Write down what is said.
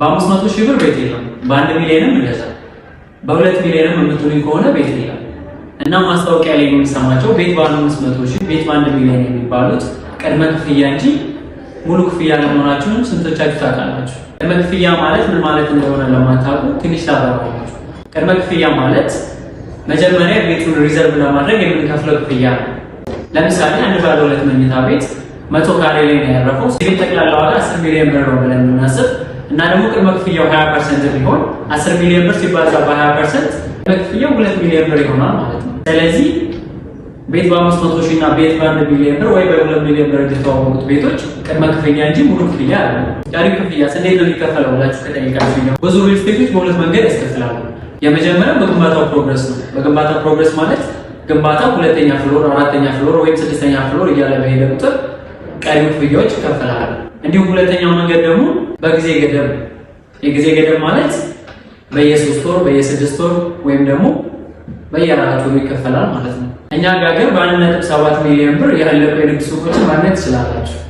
በአምስት መቶ ሺህ ብር ቤት የለም። በአንድ ሚሊዮንም እንደዛ በሁለት ሚሊዮንም የምትሉኝ ከሆነ ቤት የለም እና ማስታወቂያ ላይ የምንሰማቸው ቤት በአንድ መቶ ሺህ ቤት በአንድ ሚሊዮን የሚባሉት ቅድመ ክፍያ እንጂ ሙሉ ክፍያ ለመሆናችሁንም ስንቶቻችሁ ታውቃላችሁ? ቅድመ ክፍያ ማለት ምን ማለት እንደሆነ ለማታውቁ ትንሽ ታብራራላችሁ። ቅድመ ክፍያ ማለት መጀመሪያ ቤቱን ሪዘርቭ ለማድረግ የምንከፍለው ክፍያ ነው። ለምሳሌ አንድ ባለ ሁለት መኝታ ቤት መቶ ካሬ ላይ ነው ያረፈው። ቤት ጠቅላላ ዋጋ አስር ሚሊዮን ብር ነው ብለን የምናስብ እና ደግሞ ቅድመ ክፍያው 20 ፐርሰንት ቢሆን 10 ሚሊዮን ብር ሲባዛ በ20 ፐርሰንት ቅድመ ክፍያው 2 ሚሊዮን ብር ይሆናል ማለት ነው። ስለዚህ ቤት በአምስት መቶ ሺህ እና ቤት በአንድ ሚሊዮን ብር ወይ በ2 ሚሊዮን ብር የተዋወቁት ቤቶች ቅድመ ክፍያ እንጂ ሙሉ ክፍያ አለ። ቀሪ ክፍያ እንዴት ነው የሚከፈለው ብላችሁ ከጠየቃችሁ ብዙ ሪል ስቴቶች በሁለት መንገድ ያስከፍላሉ። የመጀመሪያው በግንባታው ፕሮግረስ ነው። በግንባታው ፕሮግረስ ማለት ግንባታው ሁለተኛ ፍሎር፣ አራተኛ ፍሎር ወይም ስድስተኛ ፍሎር እያለ በሄደ ቁጥር ቀሪ ክፍያዎች ይከፈላል። እንዲሁም ሁለተኛው መንገድ ደግሞ በጊዜ ገደብ የጊዜ ገደብ ማለት በየሶስት ወር በየስድስት ወር ወይም ደግሞ በየአራት ወሩ ይከፈላል ማለት ነው። እኛ ጋር ግን በአንድ ነጥብ ሰባት ሚሊዮን ብር ያለቁ የንግድ ሱቆችን ማግኘት ትችላላችሁ።